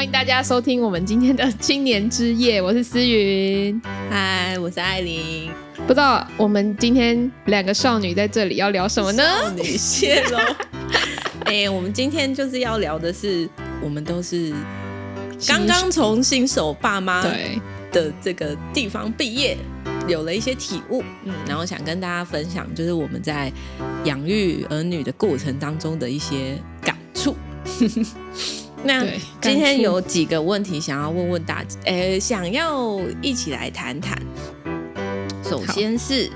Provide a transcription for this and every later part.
歡迎大家收聽我們今天的青年之夜，我是思雲，嗨，我是艾琳。不知道我們今天兩個少女在這裡要聊什麼呢？少女蟹露。哎、 欸，我們今天就是要聊的是，我們都是剛剛從新手爸媽對的這個地方畢業，對有了一些體悟，嗯，然後想跟大家分享，就是我們在養育兒女的過程當中的一些感觸。 那今天有幾個問題想要問問大家，欸，想要一起來談談。首先是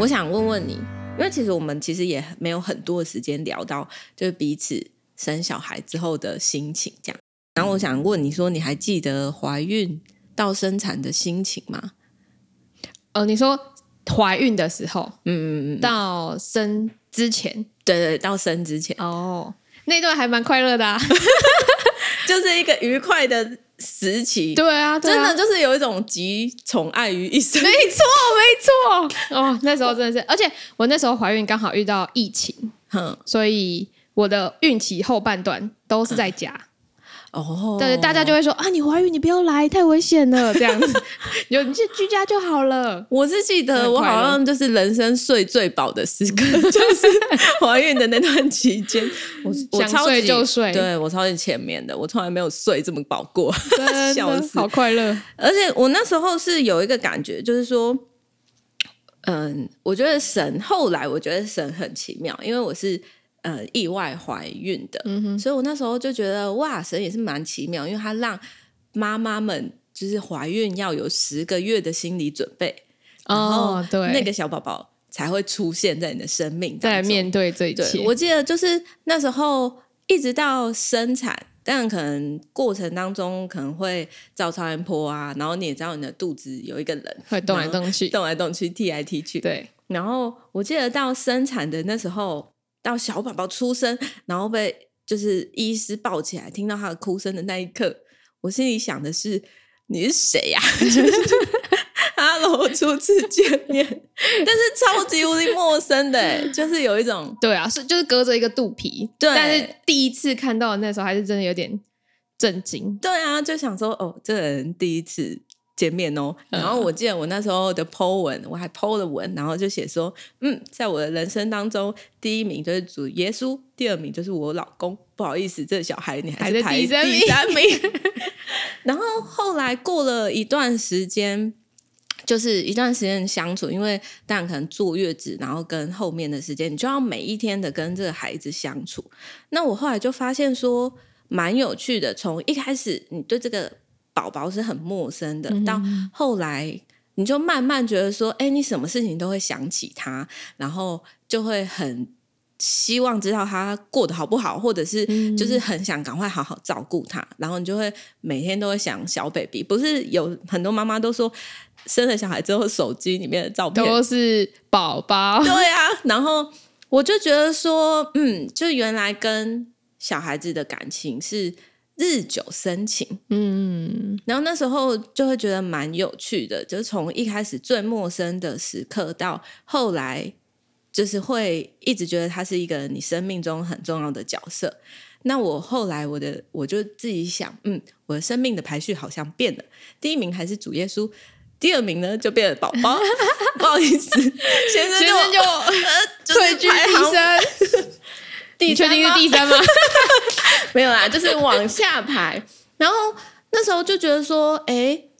我想問問你，因為其實我們其實也沒有很多的時間聊到，就是彼此生小孩之後的心情這樣。然後我想問你說，你還記得懷孕到生產的心情嗎？呃，你說懷孕的時候，嗯嗯嗯，到生之前，對，對對，到生之前，哦。那段還蠻快樂的，啊， 就是一個愉快的時期。對啊，對，真的就是有一種集寵愛於一身。沒錯，沒錯。哦，那時候真的是，而且我那時候懷孕剛好遇到疫情，嗯，我 所以我的孕期後半段都是在家。嗯哦，oh. 對，大家就會說啊，你懷孕，你不要來，太危險了。這樣子， 有就去居家就好了。我是記得，我好像就是人生睡最飽的時刻， 就是懷孕的那段期間， 我，超我想超睡就睡，對，我超越前面的，我從來沒有睡這麼飽過，的笑死時，好快樂。而且我那時候是有一個感覺，就是說，嗯，我覺得神，後來我覺得神很奇妙，因為我是。呃，意外懷孕的，嗯、哼所以我那時候就覺得哇，神也是蠻奇妙，因為他讓媽媽們就是懷孕要有十個月的心理準備，哦，對那個小寶寶才會出現在你的生命，再來面對這一段。我記得就是那時候一直到生產，但可能過程當中可能會照超音波啊，然後你也知道你的肚子有一個人動、動、動來動去，動來動去踢來踢去，對。然後我記得到生產的那時候。到小寶寶出生，然後被就是醫師抱起來，聽到他的哭聲的那一刻，我心裡想的是：“你是誰呀、啊？”哈、就、嘍、是， Hello, 初次見面，但是超級無敵陌生的，就是有一種對啊，是就是隔着一個肚皮，對，但是第一次看到的那時候還是真的有點震驚，對啊，就想說：“哦，這個、人第一次。”見面哦、喔，然後我記得我那時候的 po 文，嗯、我還 po 了文，然後就寫說，嗯，在我的人生當中，第一名就是主耶穌，第二名就是我老公，不好意思，這個、小孩你還是排第三名。三名 然後後來過了一段時間，就是一段時間相處，因為但可能坐月子，然後跟後面的時間，你就要每一天的跟這個孩子相處。那我後來就發現說，蠻有趣的，從一開始你對這個。寶寶是很陌生的，到後來你就慢慢覺得說，欸，你什麼事情都會想起他，然後就會很希望知道他過得好不好，或者是就是很想趕快好好照顧他，然後你就會每天都會想小 baby。不是有很多媽媽都說，生了小孩之後，手機裡面的照片都是寶寶。對啊，然後我就覺得說，嗯，就原來跟小孩子的感情是。日久生情，嗯，然後那時候就會覺得蠻有趣的，就是從一開始最陌生的時刻，到後來就是會一直覺得他是一個你生命中很重要的角色。那我後來我的我就自己想，嗯，我的生命的排序好像變了，第一名還是主耶穌，第二名呢就變了寶寶， 不好意思，先生先生就退居第三。你確定是 第三嗎？ 沒有啦，就是往下排。 然後那時候就覺得說，哎、欸，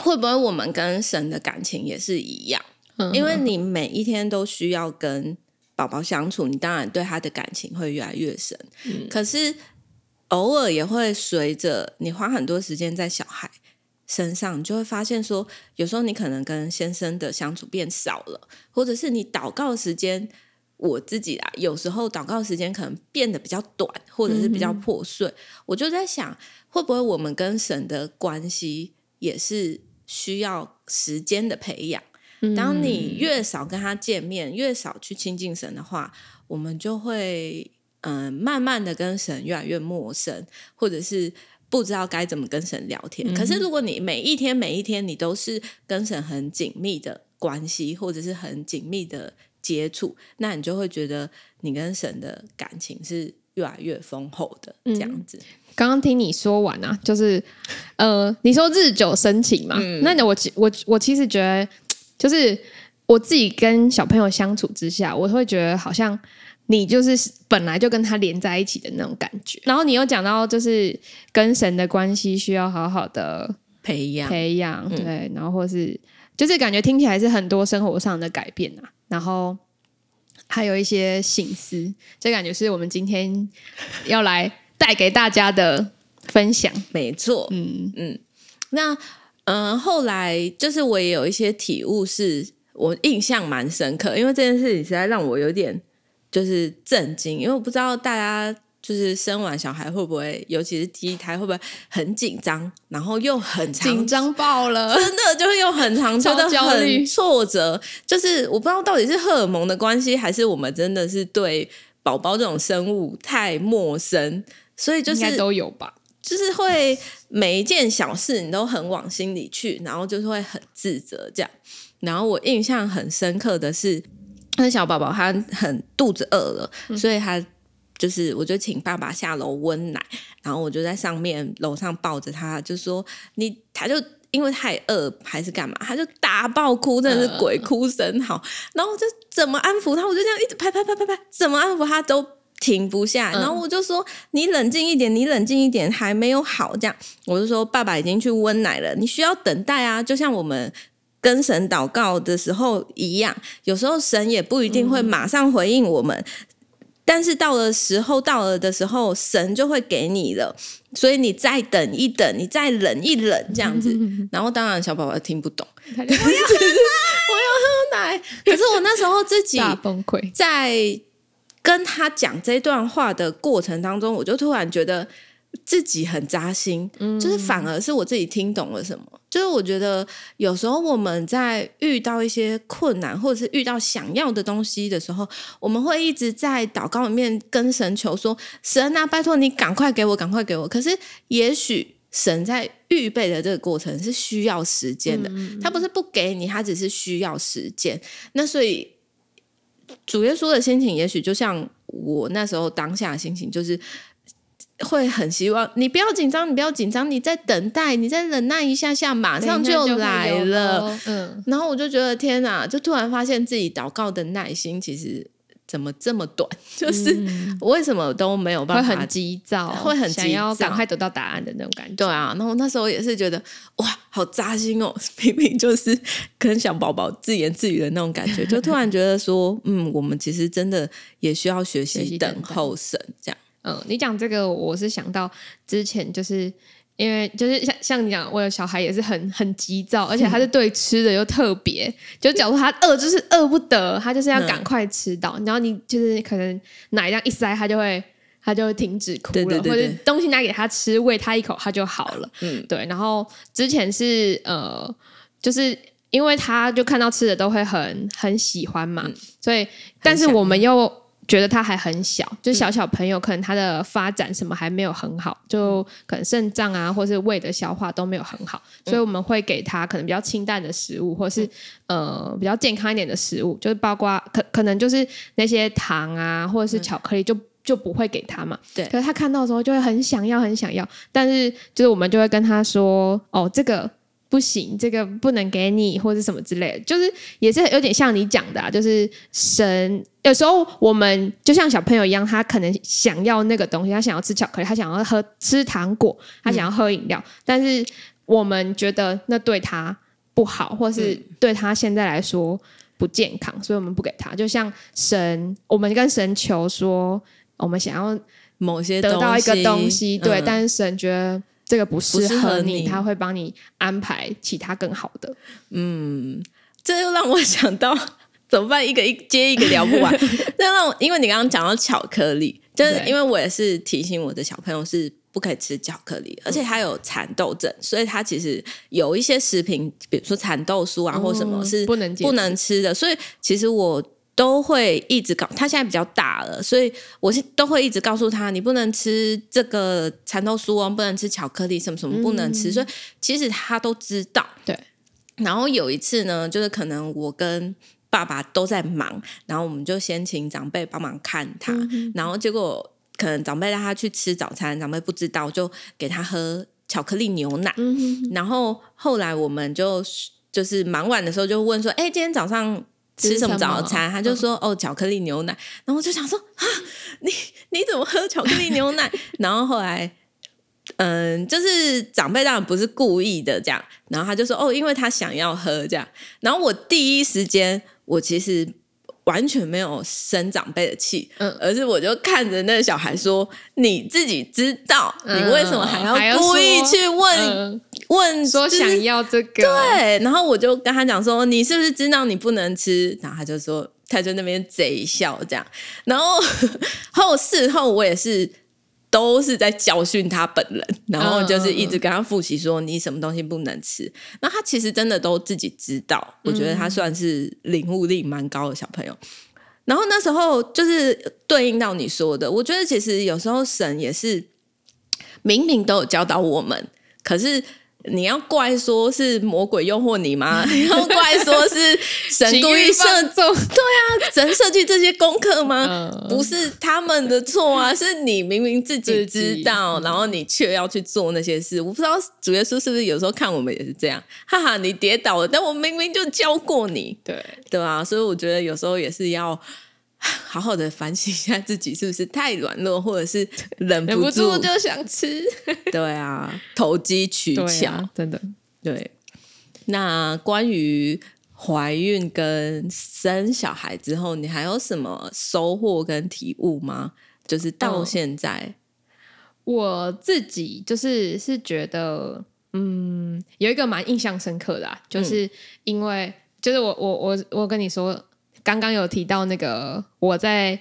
會不會我們跟神的感情也是一樣？嗯、哼因為你每一天都需要跟寶寶相處，你當然對他的感情會越來越深。嗯、可是偶爾也會隨着你花很多時間在小孩身上，你就會發現說，有時候你可能跟先生的相處變少了，或者是你禱告時間。我自己啊，有時候禱告時間可能變得比較短，或者是比較破碎。嗯、哼我就在想，會不會我們跟神的關係也是需要時間的培養？嗯、當你越少跟他見面，越少去親近神的話，我們就會嗯、呃，慢慢的跟神越來越陌生，或者是不知道該怎麼跟神聊天。嗯、哼可是如果你每一天每一天你都是跟神很緊密的關係，或者是很緊密的。接觸，那你就會覺得你跟神的感情是越來越豐厚的這樣子，嗯。剛剛聽你說完啊，就是呃，你說日久生情嘛，嗯、那我其我我其實覺得，就是我自己跟小朋友相處之下，我會覺得好像你就是本來就跟他連在一起的那種感覺。然後你又講到，就是跟神的關係需要好好的培養培養，對，然後或是、嗯、就是感覺聽起來是很多生活上的改變啊。然後還有一些省思，這感覺是我們今天要來帶給大家的分享，沒錯，嗯嗯。那嗯、呃，後來就是我也有一些體悟，是我印象蠻深刻，因為這件事情實在讓我有點就是震驚，因為我不知道大家。就是生完小孩會不會，尤其是第一胎會不會很緊張，然後又很長緊張爆了，真的就又很長，焦慮真的很挫折。就是我不知道到底是荷爾蒙的關係，還是我們真的是對寶寶這種生物太陌生？所以就是應該都有吧，就是會每一件小事你都很往心裡去，然後就是會很自責這樣。然後我印象很深刻的是，那小寶寶他很肚子餓了，嗯、所以他。就是我就請爸爸下樓溫奶，然後我就在上面樓上抱着他，就說你，他就因為太餓還是幹嘛，他就大爆哭，真的是鬼哭神嚎。然後我就怎麼安撫他，我就這樣一直拍拍拍拍拍，怎麼安撫他都停不下。嗯、然後我就說你冷靜一點，你冷靜一點，還沒有好。這樣，我就說爸爸已經去溫奶了，你需要等待啊，就像我們跟神禱告的時候一樣，有時候神也不一定會馬上回應我們。嗯但是到了時候到了的時候，神就會給你了，所以你再等一等，你再忍一忍，這樣子。然後當然，小寶寶聽不懂，是就是、我要喝奶， 我要喝奶。可是我那時候自己崩潰，在跟他講這段話的過程當中，我就突然覺得自己很扎心，就是反而是我自己聽懂了什麼。所以我覺得，有時候我們在遇到一些困難，或者是遇到想要的東西的時候，我們會一直在禱告裡面跟神求說：“神啊，拜託你趕快給我，趕快給我。”可是，也許神在預備的這個過程是需要時間的。他、嗯嗯、不是不給你，他只是需要時間。那所以，主耶穌的心情，也許就像我那時候當下的心情，就是。會很希望你不要緊張，你不要緊張，你在等待，你在忍耐一下下，馬上就來了。嗯，然後我就覺得天哪，就突然發現自己禱告的耐心其實怎麼這麼短？嗯、就是為什麼都沒有辦法，會很急躁，會很急躁想要趕快得到答案的那種感覺。對啊，然後那時候也是覺得哇，好扎心哦！明明就是跟小寶寶自言自語的那種感覺，就突然覺得說， 嗯，我們其實真的也需要學習等候神這樣。嗯，你講這個，我是想到之前，就是因為就是像像你講，我有小孩也是很很急躁，而且他是對吃的又特別，嗯、就假如他餓，就是餓不得，他就是要趕快吃到，嗯、然後你就是可能奶量一塞，他就會他就會停止哭了，對對對對，或者東西拿給他吃，喂他一口，他就好了。嗯，對。然後之前是呃，就是因為他就看到吃的都會很很喜歡嘛，嗯、所以但是我們又。覺得他還很小，就小小朋友，可能他的發展什麼還沒有很好，嗯、就可能腎臟啊，或是胃的消化都沒有很好，嗯、所以我們會給他可能比較清淡的食物，或是、嗯、呃比較健康一點的食物，就是包括可可能就是那些糖啊，或者是巧克力就、嗯、就不會給他嘛。對，可是他看到的時候就會很想要，很想要，但是就是我們就會跟他說，哦，這個。不行，這個不能給你，或是什麼之類的，就是也是有點像你講的，啊，就是神有時候我們就像小朋友一樣，他可能想要那個東西，他想要吃巧克力，他想要喝吃糖果，他想要喝飲料，嗯、但是我們覺得那對他不好，或是對他現在來說不健康，嗯、所以我們不給他。就像神，我們跟神求說，我們想要某些得到一個東西，東西對，嗯、但是神覺得。這個不適合你，他會幫你安排其他更好的。嗯，這又讓我想到怎麼辦？一個一接一個聊不完。那 讓我，因為你剛剛講到巧克力，就是因為我也是提醒我的小朋友是不可以吃巧克力，對而且他有蠶豆症，嗯、所以他其實有一些食品，比如說蠶豆酥啊或什麼，嗯、是不能不能吃的。所以其實我。都會一直告他，他現在比較大了，所以我是都會一直告訴他，你不能吃這個蠶豆酥哦，不能吃巧克力，什麼什麼不能吃。嗯，所以其實他都知道。對。然後有一次呢，就是可能我跟爸爸都在忙，然後我們就先請長輩幫忙看他。嗯嗯，然後結果可能長輩帶他去吃早餐，長輩不知道就給他喝巧克力牛奶。嗯嗯嗯，然後後來我們就就是忙完的時候就問說：“哎，今天早上。”吃什麼早餐？他就說：“哦，巧克力牛奶。”然後我就想說：“啊，你你怎麼喝巧克力牛奶？” 然後後來，嗯，就是長輩當然不是故意的這樣。然後他就說：“哦，因為他想要喝這樣。”然後我第一時間，我其實。完全沒有生長輩的氣，嗯，而是我就看着那個小孩說：“嗯、你自己知道，嗯、你為什麼還要故意去問問、嗯、說想要這個、就是？”對，然後我就跟他講說：“你是不是知道你不能吃？”然後他就說：“他就那邊賊笑這樣。”然後後事後我也是。都是在教訓他本人，然後就是一直跟他複習說，你什麼東西不能吃。哦、那他其實真的都自己知道，我覺得他算是領悟力蠻高的小朋友。嗯、然後那時候就是對應到你說的，我覺得其實有時候神也是明明都有教導我們，可是。你要怪說是魔鬼誘惑你嗎？你 要怪說是神故意設，對啊，神設計這些功課嗎？不是他們的錯啊，是你明明自己知道，然後你卻要去做那些事。我不知道主耶穌是不是有時候看我們也是這樣，哈哈，你跌倒了，但我明明就教過你，對，對吧？所以我覺得有時候也是要好好的反省一下自己，是不是太軟弱，或者是忍不住， 忍不住就想吃？ 對啊，投機取巧。對啊，真的。對，那關於懷孕跟生小孩之後，你還有什麼收穫跟體悟嗎？就是到現在，我自己就是是覺得，嗯，有一個蠻印象深刻的啊，就是因為、嗯、就是我我我我跟你說。剛剛有提到那個我在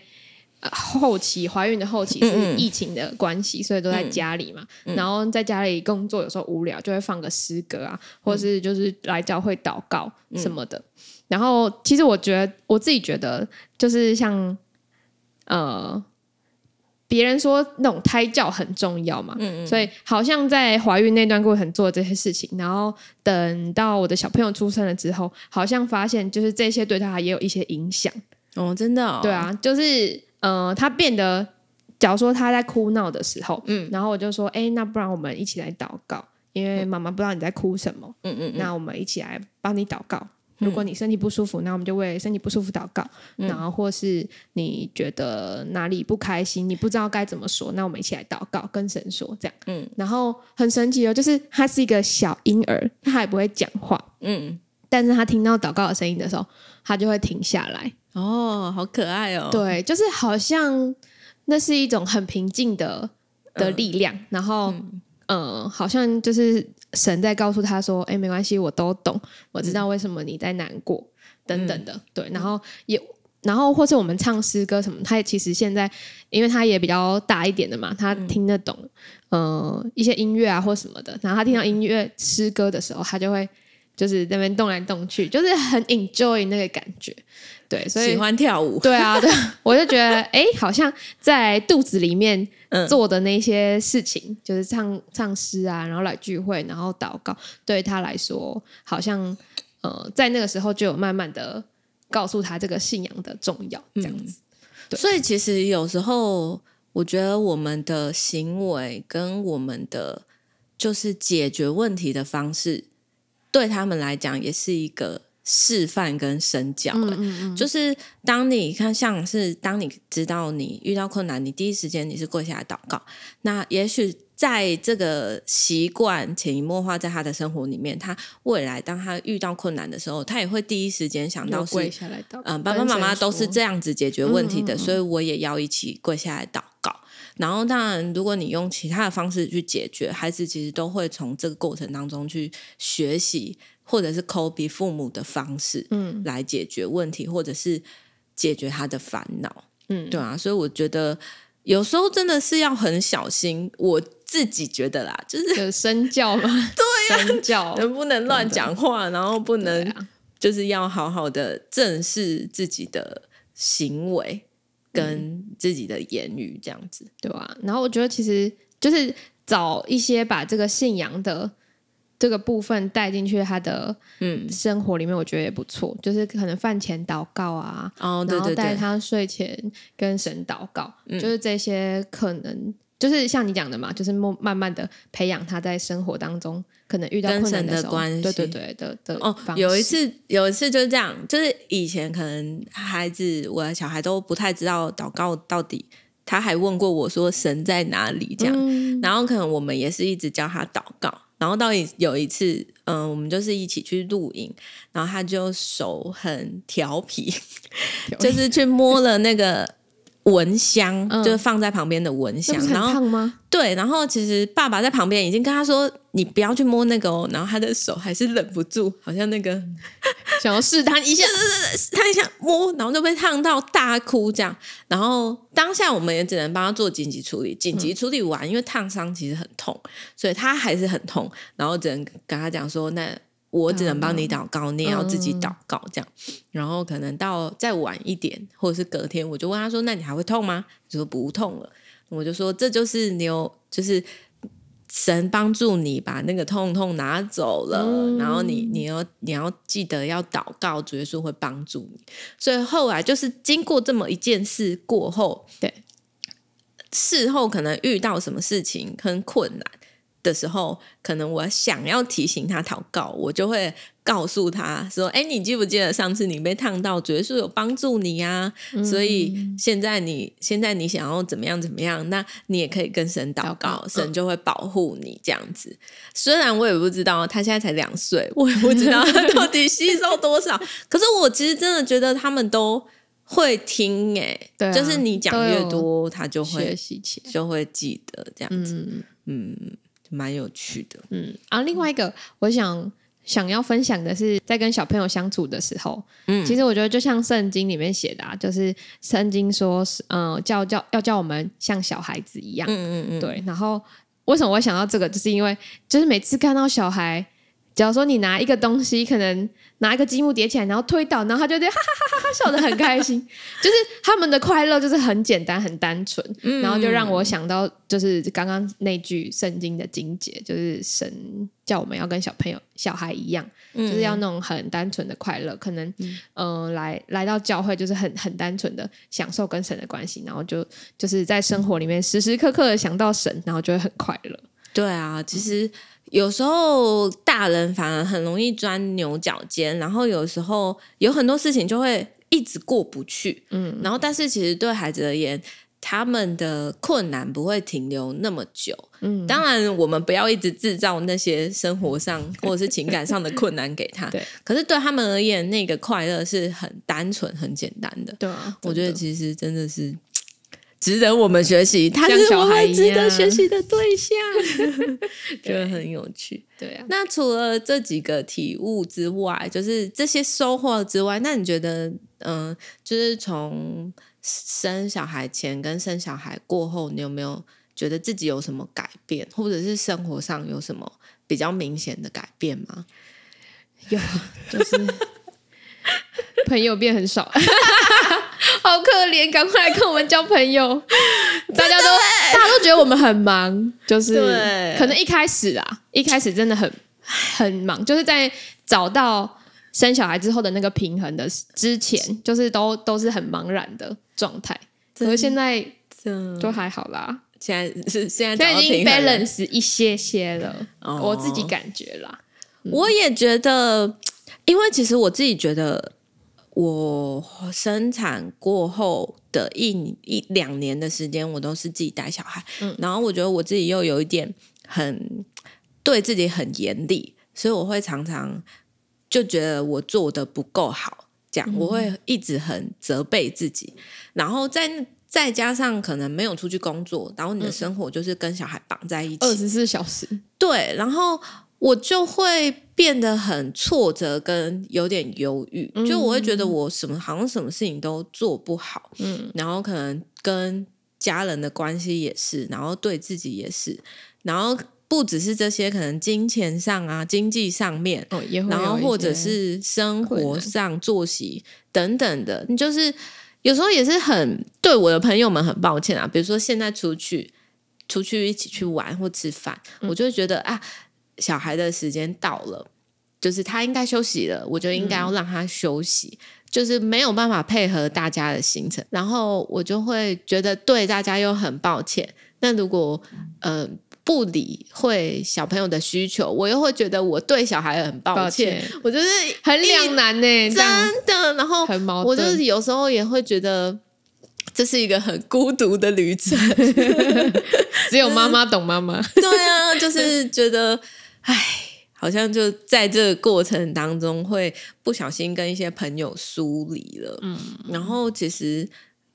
後期懷孕的後期是疫情的關係，嗯嗯，所以都在家裡嘛。嗯、然後在家裡工作，有時候無聊就會放個詩歌啊，或是就是來教會禱告什麼的。嗯、然後其實我覺得我自己覺得就是像呃。別人說那種胎教很重要嘛，嗯嗯，所以好像在懷孕那段過程，做這些事情，然後等到我的小朋友出生了之後，好像發現就是這些對他也有一些影響哦，真的，哦，對啊，就是呃，他變得，假如說他在哭鬧的時候，嗯，然後我就說，哎，那不然我們一起來禱告，因為媽媽不知道你在哭什麼，嗯嗯，那我們一起來幫你禱告。如果你身體不舒服，那我們就為身體不舒服禱告。嗯、然後，或是你覺得哪裡不開心，你不知道該怎麼說，那我們一起來禱告，跟神說這樣。嗯，然後很神奇哦，就是他是一個小嬰兒，他還不會講話，嗯，但是他聽到禱告的聲音的時候，他就會停下來。哦，好可愛哦。對，就是好像那是一種很平靜的的力量。嗯、然後，嗯、呃，好像就是。神在告訴他說：“哎，沒關係，我都懂，我知道為什麼你在難過，嗯、等等的。”對，然後也，然後或是我們唱詩歌什麼，他也其實現在，因為他也比較大一點的嘛，他聽得懂，嗯、呃，一些音樂啊或什麼的。然後他聽到音樂、嗯、詩歌的時候，他就會就是那邊動來動去，就是很 enjoy 那個感覺。對，所以喜歡跳舞。對啊，對， 我就覺得誒，好像在肚子裡面。嗯、做的那些事情，就是唱唱詩啊，然後來聚會，然後禱告，對他來說，好像呃，在那個時候就有慢慢的告訴他這個信仰的重要，這樣子。嗯、對所以，其實有時候我覺得我們的行為跟我們的就是解決問題的方式，對他們來講也是一個示範跟身教了，就是當你看像是當你知道你遇到困難，你第一時間你是跪下來禱告，那也許在這個習慣潛移默化在他的生活裡面，他未來當他遇到困難的時候，他也會第一時間想到跪下來禱告。嗯，爸爸媽媽都是這樣子解決問題的，所以我也要一起跪下來禱告。然後當然，如果你用其他的方式去解決，孩子其實都會從這個過程當中去學習。或者是 b 比父母的方式，嗯，來解決問題，嗯、或者是解決他的煩惱，嗯，對啊，所以我覺得有時候真的是要很小心。我自己覺得啦，就是有身教嘛， 對呀、啊，身教能不能亂講話？對對，然後不能就是要好好的正視自己的行為跟自己的言語，這樣子，嗯、對吧、啊？然後我覺得其實就是找一些把這個信仰的。這個部分帶進去他的嗯生活裡面，我覺得也不錯。嗯、就是可能飯前禱告啊，哦、對對對，然後帶他睡前跟神禱告，嗯、就是這些可能就是像你講的嘛，就是慢慢慢的培養他在生活當中可能遇到困難的時候，跟神的關係，對對對哦，有一次有一次就是這樣，就是以前可能孩子我的小孩都不太知道禱告到底，他還問過我說神在哪裡這樣，嗯、然後可能我們也是一直教他禱告。然後到有一次，嗯，我們就是一起去錄影，然後他就手很調皮，調皮 就是去摸了那個。蚊香、嗯、就是放在旁邊的蚊香，燙嗎？然後對，然後其實爸爸在旁邊已經跟他說：“你不要去摸那個哦。”然後他的手還是忍不住，好像那個想要試探一下，試一下，試一下，試一下摸，然後就被燙到大哭這樣。然後當下我們也只能幫他做緊急處理，緊急處理完，嗯、因為燙傷其實很痛，所以他還是很痛，然後只能跟他講說：“那。”我只能幫你禱告，嗯、你也要自己禱告這樣。嗯、然後可能到再晚一點，或者是隔天，我就問他說：“那你還會痛嗎？”他說：“不痛了。”我就說：“這就是你有，就是神幫助你把那個痛痛拿走了。嗯、然後你你要你要記得要禱告，主耶穌會幫助你。所以後來就是經過這麼一件事過後，對事後可能遇到什麼事情很困難。”的時候，可能我想要提醒他禱告，我就會告訴他說：哎、欸，你記不記得上次你被燙到，主耶穌有幫助你呀、啊？嗯、所以現在你現在你想要怎麼樣怎麼樣？那你也可以跟神禱告，告神就會保護你這樣子。嗯、雖然我也不知道他現在才兩歲，我也不知道他到底吸收多少， 可是我其實真的覺得他們都會聽誒、欸，對啊、就是你講越多，他就會就會記得這樣子，嗯。嗯蠻有趣的，嗯啊，另外一個我想想要分享的是，在跟小朋友相處的時候，嗯，其實我覺得就像聖經裡面寫的，啊，就是聖經說，嗯、呃，叫叫要叫我們像小孩子一樣，嗯嗯，嗯對。然後為什麼我會想到這個，就是因為就是每次看到小孩。假如說你拿一個東西，可能拿一個積木疊起來，然後推倒，然後他就得哈哈哈哈哈笑得很開心， 就是他們的快樂就是很簡單、很單純，嗯、然後就讓我想到就是剛剛那句聖經的經節，就是神叫我們要跟小朋友、小孩一樣，嗯、就是要那種很單純的快樂，可能嗯、呃、來來到教會就是很很單純的享受跟神的關係，然後就就是在生活裡面時時刻刻的想到神，然後就會很快樂。對啊，其實。嗯有時候大人反而很容易鑽牛角尖，然後有時候有很多事情就會一直過不去，嗯。然後，但是其實對孩子而言，他們的困難不會停留那麼久，嗯。當然，我們不要一直制造那些生活上或者是情感上的困難給他， 對可是對他們而言，那個快樂是很單純、很簡單的，對啊，我覺得其實真的是。值得我們學習，嗯、像小孩一樣，他是我們值得學習的對象， 對 覺得很有趣。對，對啊，那除了這幾個體悟之外，就是這些收穫之外，那你覺得，嗯、呃，就是從生小孩前跟生小孩過後，你有沒有覺得自己有什麼改變，或者是生活上有什麼比較明顯的改變嗎？有，就是 朋友變很少。 好可憐，趕快來跟我們交朋友！ 真的耶大家都 大家都覺得我們很忙，就是對可能一開始啊，一開始真的很很忙，就是在找到生小孩之後的那個平衡的之前，是就是都都是很茫然的狀態。可是真的現在都還好啦，現在是現，現在已經 balance 一些些了，哦、我自己感覺啦，嗯、我也覺得，因為其實我自己覺得。我生產過後的一一兩年的時間，我都是自己帶小孩。嗯，然後我覺得我自己又有一點很對自己很嚴厲，所以我會常常就覺得我做的不夠好，這樣、嗯、我會一直很責備自己。然後再再加上可能沒有出去工作，然後你的生活就是跟小孩綁在一起，二十四小時。對，然後。我就會變得很挫折，跟有點憂鬱。就我會覺得我什麼、嗯、好像什麼事情都做不好，嗯，然後可能跟家人的關係也是，然後對自己也是，然後不只是這些，可能金錢上啊，經濟上面哦，然後或者是生活上作息等等的，你就是有時候也是很對我的朋友們很抱歉啊，比如說現在出去出去一起去玩或吃飯，嗯、我就會覺得啊。小孩的時間到了，就是他應該休息了，我就應該要讓他休息，嗯、就是沒有辦法配合大家的行程，然後我就會覺得對大家又很抱歉。那如果嗯、呃、不理會小朋友的需求，我又會覺得我對小孩很抱歉，抱歉我就是很兩難呢，一但真的。然後我就是有時候也會覺得這是一個很孤獨的旅程， 只有媽媽懂媽媽。 對啊，就是覺得。唉，好像就在這個過程當中會不小心跟一些朋友疏離了。嗯，然後其實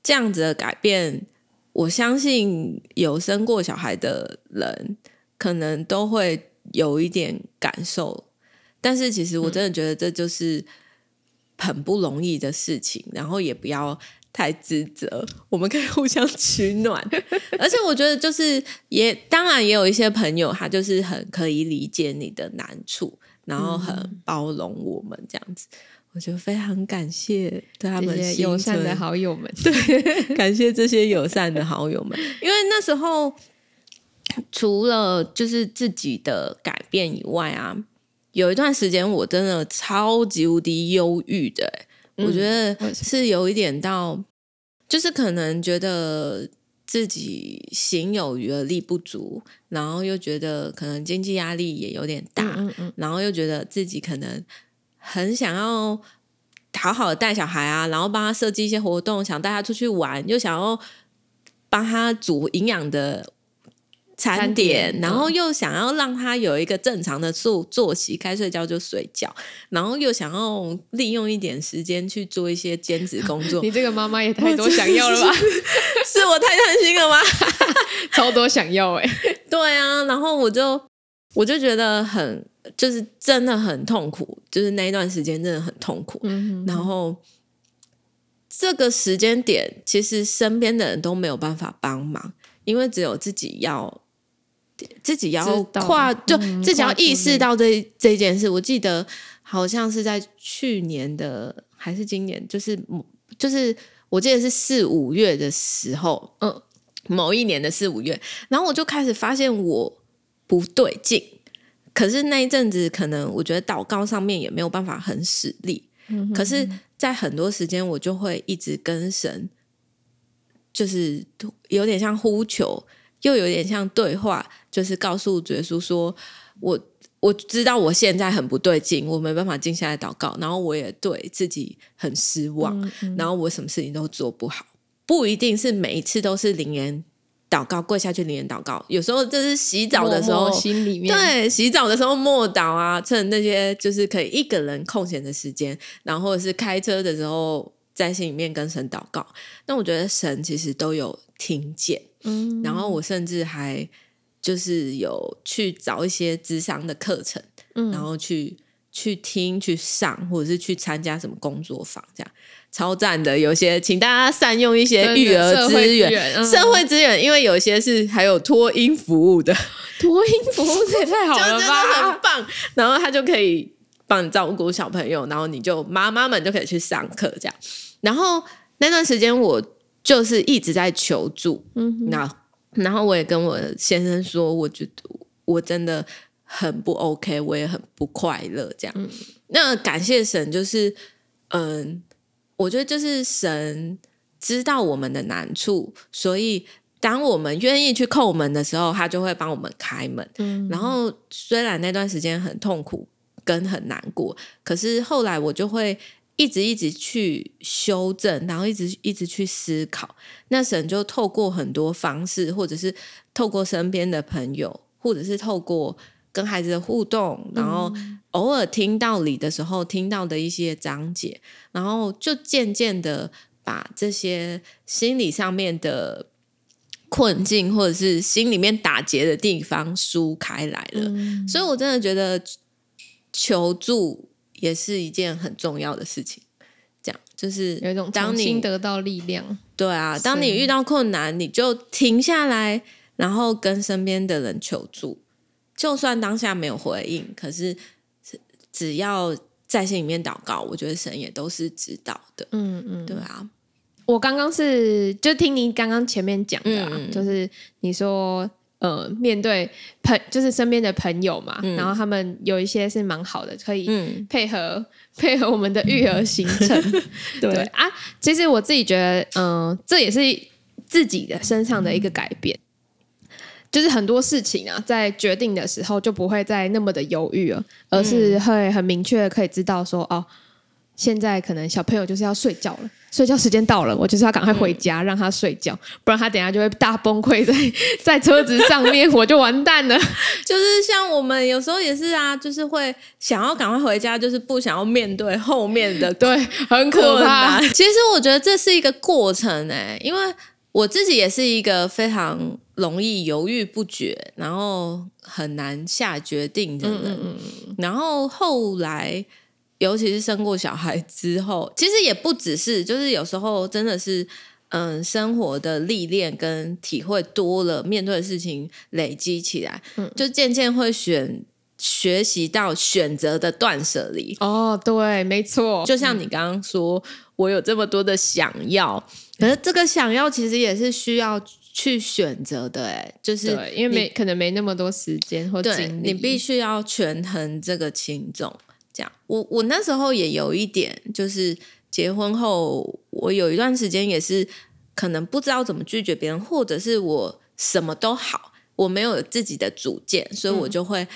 這樣子的改變，我相信有生過小孩的人可能都會有一點感受。但是其實我真的覺得這就是很不容易的事情，嗯、然後也不要。太自責，我們可以互相取暖。 而且我覺得，就是也當然也有一些朋友，他就是很可以理解你的難處，然後很包容我們這樣子。嗯、我就非常感謝對他們姐姐友善的好友們，對，感謝這些友善的好友們。 因為那時候除了就是自己的改變以外啊，有一段時間我真的超級無敵憂鬱的、欸。我覺得是有一點到，就是可能覺得自己心有餘而力不足，然後又覺得可能經濟壓力也有點大，然後又覺得自己可能很想要好好的帶小孩啊，然後幫他設計一些活動，想帶他出去玩，又想要幫他煮營養的。餐點，餐點然後又想要讓他有一個正常的作作息，該睡覺就睡覺，然後又想要利用一點時間去做一些兼職工作。你這個媽媽也太多想要了吧？是，是，是我太貪心了嗎？ 超多想要哎、欸！對啊，然後我就我就覺得很，就是真的很痛苦，就是那一段時間真的很痛苦。嗯、哼哼然後這個時間點，其實身邊的人都沒有辦法幫忙，因為只有自己要。自己要跨，嗯、就自己要意識到這這件事。我記得好像是在去年的，還是今年，就是就是我記得是四五月的時候，嗯、呃，某一年的四五月，然後我就開始發現我不對勁。可是那一陣子，可能我覺得禱告上面也沒有辦法很使力。嗯，嗯，可是在很多時間，我就會一直跟神，就是有點像呼求。又有點像對話，就是告訴耶穌說：“我我知道我現在很不對勁，我沒辦法靜下來禱告，然後我也對自己很失望，嗯嗯、然後我什麼事情都做不好。不一定是每一次都是靈言禱告，跪下去靈言禱告，有時候就是洗澡的時候，摸摸心裡面，對，洗澡的時候默禱啊，趁那些就是可以一個人空閒的時間，然後是開車的時候。”在心裡面跟神禱告，那我覺得神其實都有聽見。嗯、然後我甚至還就是有去找一些諮商的課程，嗯、然後去去聽去上，或者是去參加什麼工作坊，這樣超讚的。有些請大家善用一些育兒資源、社會資源，嗯、因為有些是還有托嬰服務的，托嬰服務這也太好了吧？ 真的很棒，然後他就可以幫你照顧小朋友，然後你就媽媽們就可以去上課，這樣。然後那段時間我就是一直在求助，那、嗯、哼然後我也跟我先生說，我覺得我真的很不 OK，我也很不快樂。這樣，嗯、那感謝神，就是嗯、呃，我覺得就是神知道我們的難處，所以當我們願意去叩門的時候，他就會幫我們開門。嗯哼，然後雖然那段時間很痛苦跟很難過，可是後來我就會。一直一直去修正，然後一直一直去思考。那神就透過很多方式，或者是透過身邊的朋友，或者是透過跟孩子的互動，然後偶爾聽道理的時候，聽到的一些講解，然後就漸漸的把這些心理上面的困境，嗯、或者是心裡面打結的地方梳開來了。嗯、所以，我真的覺得求助。也是一件很重要的事情，這樣就是當你有一種重新得到力量。對啊，當你遇到困難，是你就停下來，然後跟身邊的人求助。就算當下沒有回應，可是只要在心裡面禱告，我覺得神也都是知道的。嗯嗯，嗯對啊。我剛剛是就聽你剛剛前面講的、啊，嗯、就是你說。呃，面對朋就是身邊的朋友嘛，嗯、然後他們有一些是蠻好的，可以配合，嗯、配合我們的育兒行程。嗯、 對，對啊，其實我自己覺得，嗯、呃，這也是自己的身上的一個改變，嗯、就是很多事情啊，在決定的時候就不會再那麼的猶豫了，而是會很明確的可以知道說，哦，現在可能小朋友就是要睡覺了。睡覺時間到了，我就是要趕快回家，嗯、讓他睡覺，不然他等一下就會大崩潰在在車子上面， 我就完蛋了。就是像我們有時候也是啊，就是會想要趕快回家，就是不想要面對後面的。嗯、對，很可怕。可怕。其實我覺得這是一個過程，誒、欸，因為我自己也是一個非常容易猶豫不決，然後很難下決定的人。嗯，嗯。然後後來。尤其是生過小孩之後，其實也不只是，就是有時候真的是，嗯，生活的歷練跟體會多了，面對的事情累積起來，嗯，就漸漸會選學習到選擇的斷捨離。哦，對，沒錯。就像你剛剛說，嗯，我有這麼多的想要，可是這個想要其實也是需要去選擇的，欸，哎，就是因為沒可能沒那麼多時間或精力，你必須要權衡這個輕重。我我那時候也有一點，就是結婚後，我有一段時間也是可能不知道怎麼拒絕別人，或者是我什麼都好，我沒有，有自己的主見，所以我就會、嗯、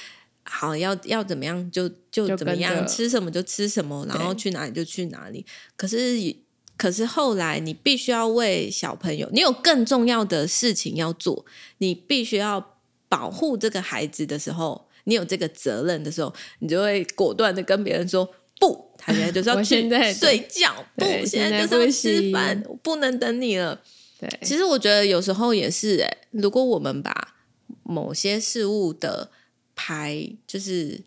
好要要怎麼樣就就怎麼樣，吃什麼就吃什麼，然後去哪裡就去哪裡。對可是可是後來，你必須要為小朋友，你有更重要的事情要做，你必須要保護這個孩子的時候。你有這個責任的時候，你就會果斷的跟別人說不，他現在就是要去睡覺， 不，對現在就是要吃飯，我不能等你了。對，其實我覺得有時候也是、欸，如果我們把某些事物的排就是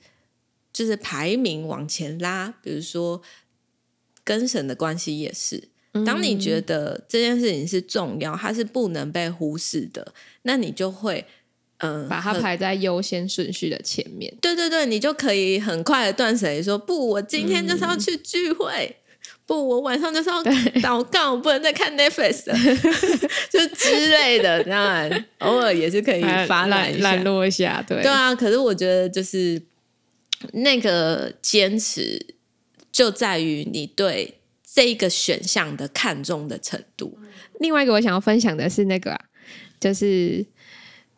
就是排名往前拉，比如說跟神的關係也是，當你覺得這件事情是重要，嗯、它是不能被忽視的，那你就會。嗯，把它排在優先順序的前面。對對對，你就可以很快的斷捨離，說不，我今天就是要去聚會，嗯、不，我晚上就是要對禱告，不能再看 Netflix， 就之類的。當然， 偶爾也是可以發懶、懶惰一下，對。對啊，可是我覺得就是那個堅持就在於你對這一個選項的看重的程度。嗯、另外一個我想要分享的是那個、啊，就是。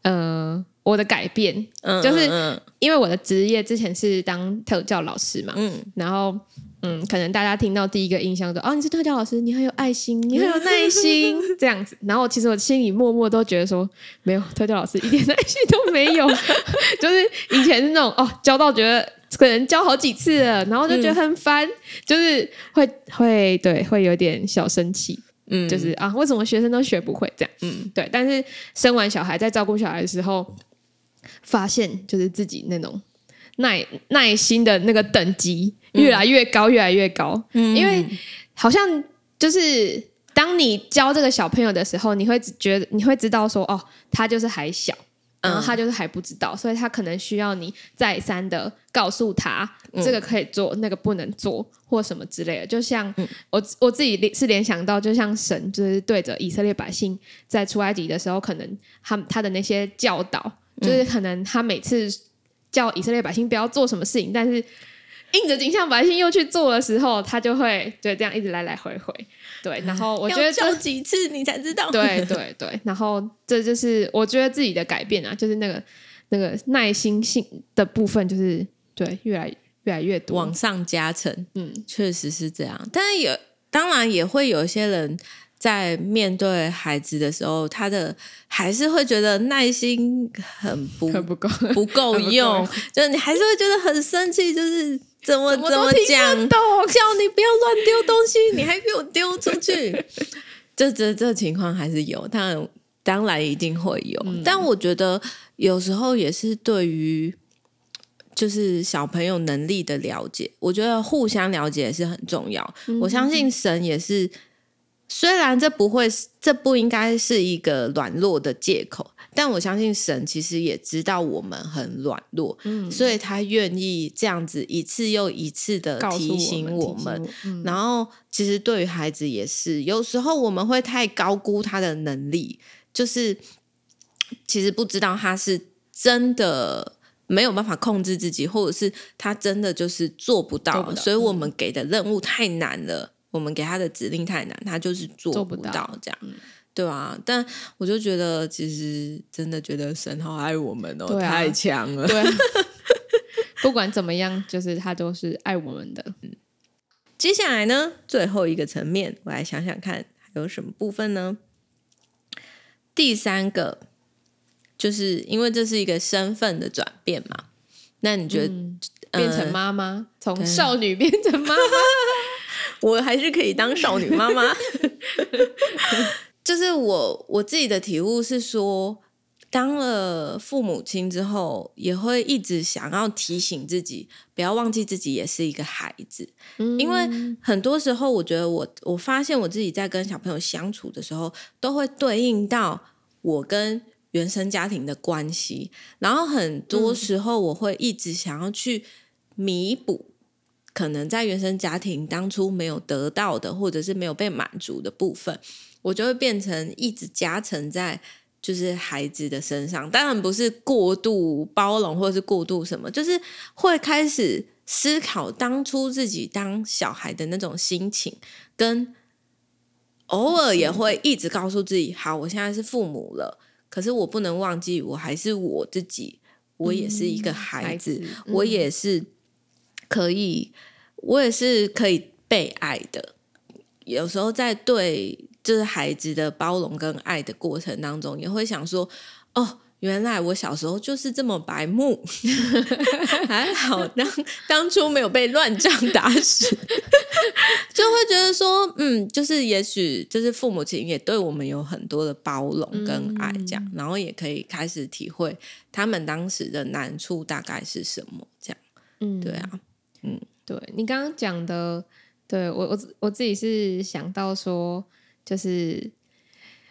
呃，我的改變，嗯嗯嗯，就是因為我的職業之前是當特教老師嘛，嗯，然後嗯，可能大家聽到第一個印象就，哦，你是特教老師，你很有愛心，你很有耐心，嗯、這樣子，然後其實我心裡默默都覺得說，沒有，特教老師一點耐心都沒有， 就是以前是那種哦，教到覺得可能教好幾次了，然後就覺得很煩，嗯，就是會會對會有點小生氣。嗯，就是啊，為什麼學生都學不會這樣？嗯，對，但是生完小孩在照顧小孩的時候，發現就是自己那種耐耐心的那個等級越來越高，越來越高。嗯，因為好像就是當你教這個小朋友的時候，你會覺得你會知道說，哦，他就是還小。嗯，uh huh. 他就是還不知道，所以他可能需要你再三的告訴他，這個可以做，嗯、那個不能做，或什麼之類的。就像我、嗯、我自己是聯想到，就像神就是對着以色列百姓在出埃及的時候，可能他他的那些教導，就是可能他每次叫以色列百姓不要做什麼事情，嗯、但是硬着頸項百姓又去做的時候，他就會對這樣一直來來回回。對，然後我覺得做幾次你才知道。對對對，然後這就是我覺得自己的改變啊，就是那個那個耐心性的部分，就是對，越來越來越多，往上加成。嗯，確實是這樣。但是有，當然也會有一些人在面對孩子的時候，他的還是會覺得耐心很不，很不夠，不夠用，夠就是你還是會覺得很生氣，就是。怎麼怎麼講？叫你不要亂丟東西， 你還給我丟出去？這這這情況還是有，他當然一定會有。嗯、但我覺得有時候也是對於就是小朋友能力的了解，我覺得互相了解是很重要。嗯、我相信神也是。雖然這不會是，這不應該是一個軟弱的借口，但我相信神其實也知道我們很軟弱，嗯、所以他願意這樣子一次又一次的提醒我們。我們我們嗯、然後，其實對於孩子也是，有時候我們會太高估他的能力，就是其實不知道他是真的沒有辦法控制自己，或者是他真的就是做不到，做不到，所以我們給的任務太難了。嗯我們給他的指令太難，他就是做不到這樣，嗯、對吧、啊？但我就覺得，其實真的覺得神好愛我們哦，啊、太強了。對、啊， 不管怎麼樣，就是他都是愛我們的。嗯、接下來呢，最後一個層面，我來想想看，還有什麼部分呢？第三個，就是因為這是一個身份的轉變嘛。那你覺得、嗯、變成媽媽，從、呃、少女變成媽媽？嗯 我還是可以當少女媽媽，就是我我自己的體悟是說，當了父母親之後，也會一直想要提醒自己，不要忘記自己也是一個孩子，因為很多時候，我覺得我我發現我自己在跟小朋友相處的時候，都會對應到我跟原生家庭的關係，然後很多時候，我會一直想要去彌補。可能在原生家庭當初沒有得到的，或者是沒有被滿足的部分，我就會變成一直夾層在就是孩子的身上。當然不是過度包容，或者是過度什麼，就是會開始思考當初自己當小孩的那種心情，跟偶爾也會一直告訴自己：好，我現在是父母了，可是我不能忘記，我還是我自己，我也是一個孩子，嗯孩子嗯、我也是可以。我也是可以被愛的。有時候在對就是孩子的包容跟愛的過程當中，也會想說：哦，原來我小時候就是這麼白目，還好當 當初沒有被亂杖打死，就會覺得說，嗯，就是也許就是父母親也對我們有很多的包容跟愛，這樣，嗯、然後也可以開始體會他們當時的難處大概是什麼，這樣，嗯、對啊，嗯。對你剛剛講的，對我我我自己是想到說，就是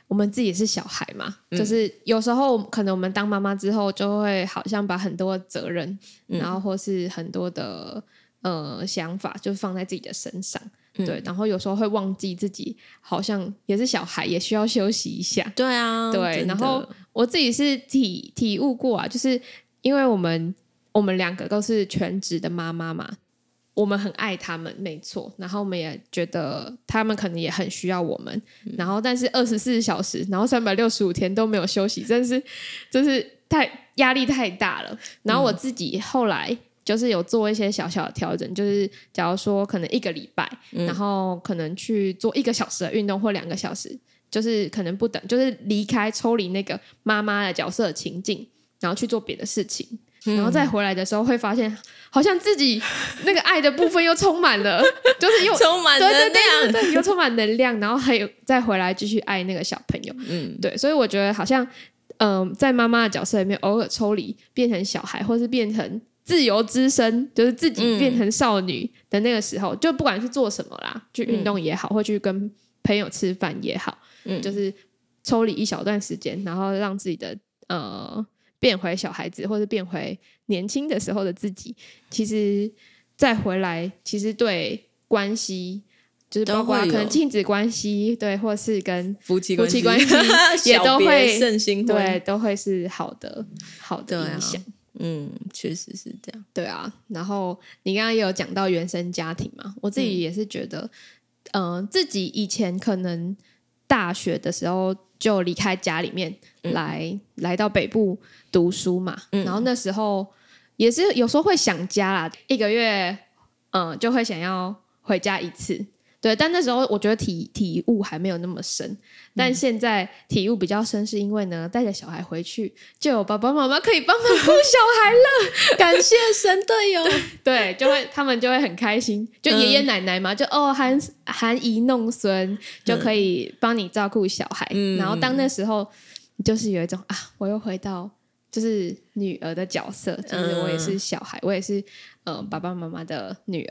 我們自己是小孩嘛，嗯、就是有時候可能我們當媽媽之後，就會好像把很多的責任，嗯、然後或是很多的呃想法，就放在自己的身上，嗯、對，然後有時候會忘記自己好像也是小孩，也需要休息一下，對啊，對，的然後我自己是體體悟過啊，就是因為我們我們兩個都是全職的媽媽嘛。我們很愛他們，沒錯。然後我們也覺得他們可能也很需要我們。然後，但是二十四小時，然後三百六十五天都沒有休息，真是，真、就是太壓力太大了。然後我自己後來就是有做一些小小的調整，就是假如說可能一個禮拜，然後可能去做一個小時的運動或兩個小時，就是可能不等，就是離開、抽離那個媽媽的角色的情境，然後去做別的事情。然後再回來的時候，會發現好像自己那個愛的部分又充滿了，就是又充滿了能量，又充滿能量，然後還有再回來繼續愛那個小朋友。嗯，對，所以我覺得好像，嗯，在媽媽的角色裡面偶爾抽離，變成小孩，或是變成自由之身，就是自己變成少女的那個時候，就不管是做什麼啦，去運動也好，或去跟朋友吃飯也好，就是抽離一小段時間，然後讓自己的呃。變回小孩子，或者變回年輕的時候的自己，其實再回來，其實對關係，就是包括可能親子關係，對，或是跟夫妻關係，也都會，盛對，都會是好的，好的影響、啊。嗯，確實是這樣。對啊，然後你剛剛也有講到原生家庭嘛，我自己也是覺得，嗯、呃，自己以前可能大學的時候就離開家裡面，嗯、來來到北部。讀書嘛，然後那時候也是有時候會想家啦，嗯、一個月嗯就會想要回家一次，對，但那時候我覺得體體悟還沒有那麼深，嗯、但現在體悟比較深，是因為呢帶着小孩回去就有爸爸媽媽可以幫忙顧小孩了， 感謝神隊友， 對，就會他們就會很開心，就爺爺奶奶嘛，就、嗯、哦含含飴弄孫就可以幫你照顧小孩，嗯、然後當那時候就是有一種啊我又回到。就是女兒的角色，就是，我也是小孩，嗯、我也是，呃、爸爸媽媽的女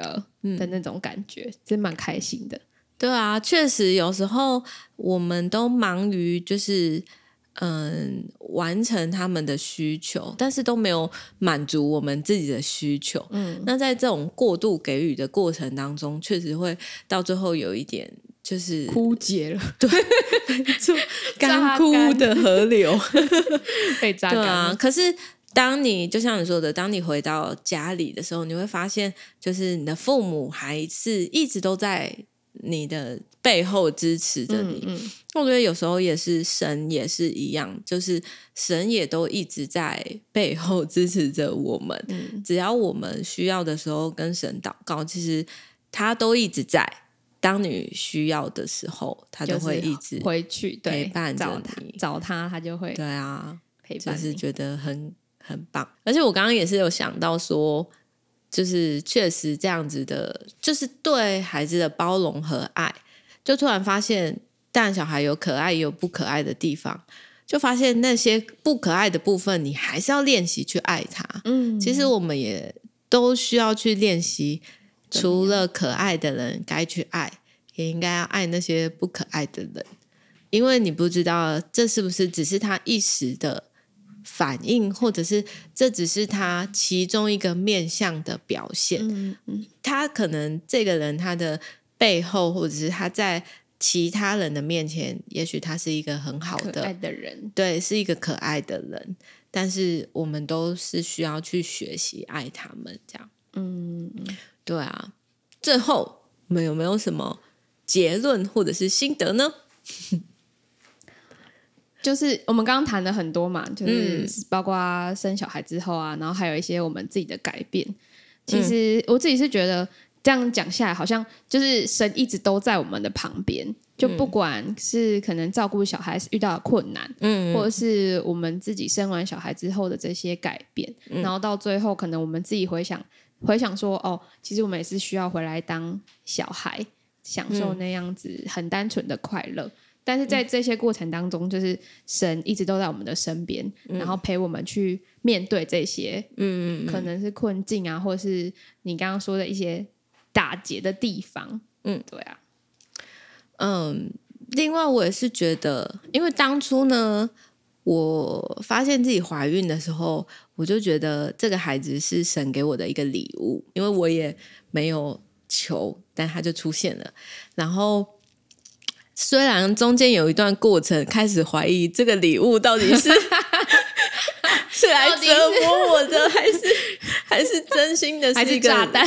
兒的那種感覺，嗯、真蠻開心的。對啊，確實有時候我們都忙於就是嗯完成他們的需求，但是都沒有滿足我們自己的需求。嗯，那在這種過度給予的過程當中，確實會到最後有一點。就是枯竭了，對， 乾枯的河流 被榨乾，對啊，可是，當你就像你說的，當你回到家裡的時候，你會發現，就是你的父母還是一直都在你的背後支持着你。嗯嗯、我覺得有時候也是，神也是一樣，就是神也都一直在背後支持着我們。嗯、只要我們需要的時候跟神禱告，其實他都一直在。當你需要的時候，他就會一直回去陪伴着他找，你找他，他就會陪伴你。對啊，就是覺得很很棒。而且我剛剛也是有想到說，就是確實這樣子的，就是對孩子的包容和愛，就突然發現大人小孩有可愛也有不可愛的地方，就發現那些不可愛的部分，你還是要練習去愛他。嗯，其實我們也都需要去練習。除了可愛的人該去愛，也應該要愛那些不可愛的人，因為你不知道這是不是只是他一時的反應，或者是這只是他其中一個面向的表現。嗯嗯，他可能這個人他的背後，或者是他在其他人的面前，也許他是一個很好的，愛的人，對，是一個可愛的人，但是我們都是需要去學習愛他們這樣。嗯。對啊，最後我們有沒有什麼結論或者是心得呢？ 就是我們剛剛談了很多嘛，就是包括生小孩之後啊，然後還有一些我們自己的改變。其實我自己是覺得，這樣講下來，好像就是神一直都在我們的旁邊，就不管是可能照顧小孩遇到的困難，嗯，嗯，或者是我們自己生完小孩之後的這些改變，然後到最後，可能我們自己回想。回想說哦，其實我們也是需要回來當小孩，享受那樣子很單純的快樂。嗯、但是在這些過程當中，就是神一直都在我們的身邊，嗯、然後陪我們去面對這些，嗯嗯，嗯，嗯可能是困境啊，或是你剛剛說的一些打劫的地方。嗯，對啊，嗯，另外我也是覺得，因為當初呢。我發現自己懷孕的時候，我就覺得這個孩子是神給我的一個禮物，因為我也沒有求，但他就出現了。然後雖然中間有一段過程，開始懷疑這個禮物到底是 到底是，是來折磨我的，還是還是真心的，還是炸彈？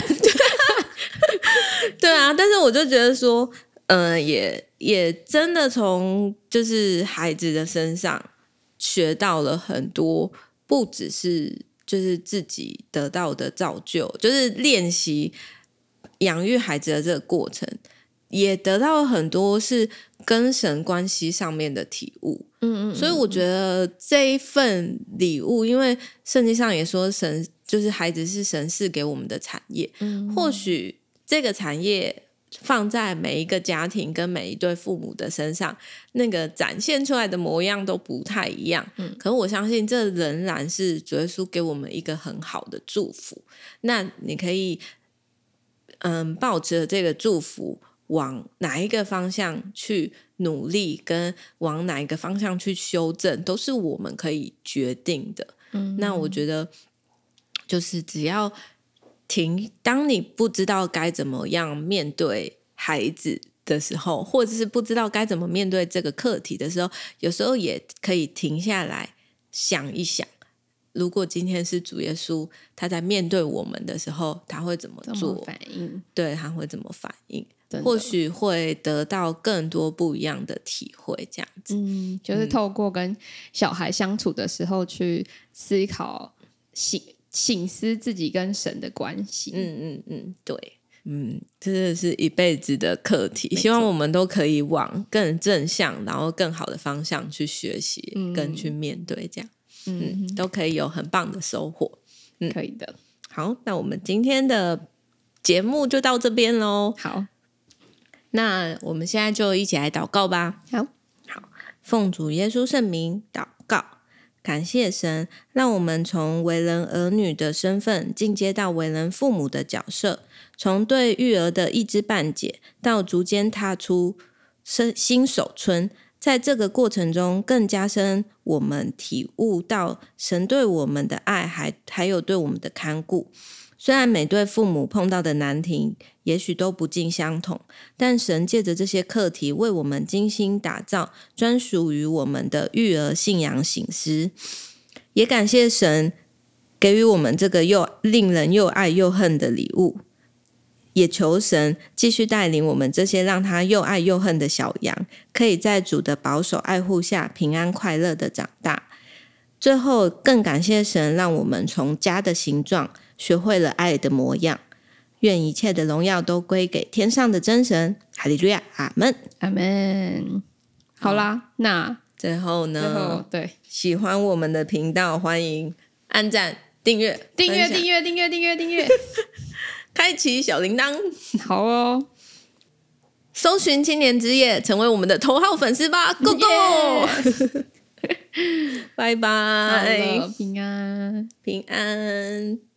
對啊，但是我就覺得說，嗯、呃，也也真的從就是孩子的身上。學到了很多，不只是就是自己得到的造就，就是練習養育孩子的這個過程，也得到了很多是跟神關係上面的體悟。嗯嗯嗯嗯，所以我覺得這一份禮物，因為聖經上也說神，就是孩子是神賜給我們的產業。嗯嗯，或許這個產業，放在每一個家庭跟每一對父母的身上，那個展現出來的模樣都不太一樣。嗯，可是我相信這仍然是主耶穌給我們一個很好的祝福。那你可以，嗯，抱着這個祝福往哪一個方向去努力，跟往哪一個方向去修正，都是我們可以決定的。嗯，嗯，那我覺得就是只要。停。當你不知道該怎麼樣面對孩子的時候，或者是不知道該怎麼面對這個課題的時候，有時候也可以停下來想一想：如果今天是主耶穌，他在面對我們的時候，他會怎麼做？這麼反應。對，他會怎麼反應？的或許會得到更多不一樣的體會。這樣子，嗯，就是透過跟小孩相處的時候去思考、想、嗯省思自己跟神的關係、嗯。嗯嗯嗯，對，嗯，真的是一輩子的課題。沒錯。希望我們都可以往更正向，然後更好的方向去學習，嗯、跟去面對這樣，嗯哼，都可以有很棒的收穫。嗯，可以的。好，那我們今天的節目就到這邊嘍。好，那我們現在就一起來禱告吧。好好，奉主耶穌聖名禱告。感謝神，讓我們從為人兒女的身份進階到為人父母的角色，從對育兒的一知半解到逐漸踏出生新手村，在這個過程中，更加深我們體悟到神對我們的愛，還還有對我們的看顧。雖然每對父母碰到的難題也許都不盡相同，但神借着這些課題為我們精心打造專屬於我們的育兒信仰省思。也感謝神給予我們這個又令人又愛又恨的禮物，也求神繼續帶領我們這些讓他又愛又恨的小羊，可以在主的保守愛護下平安快樂的長大。最後，更感謝神讓我們從家的形狀，學會了愛的模樣，願一切的榮耀都歸給天上的真神。哈利路亞，阿門，阿門。好啦，那最後呢，對喜歡我們的頻道，歡迎按贊、訂閱、訂閱、訂閱、訂閱、訂閱、訂閱，開啟小鈴鐺。好哦，搜尋青年之夜，成為我們的頭號粉絲吧！Go go，拜拜，平安，平安。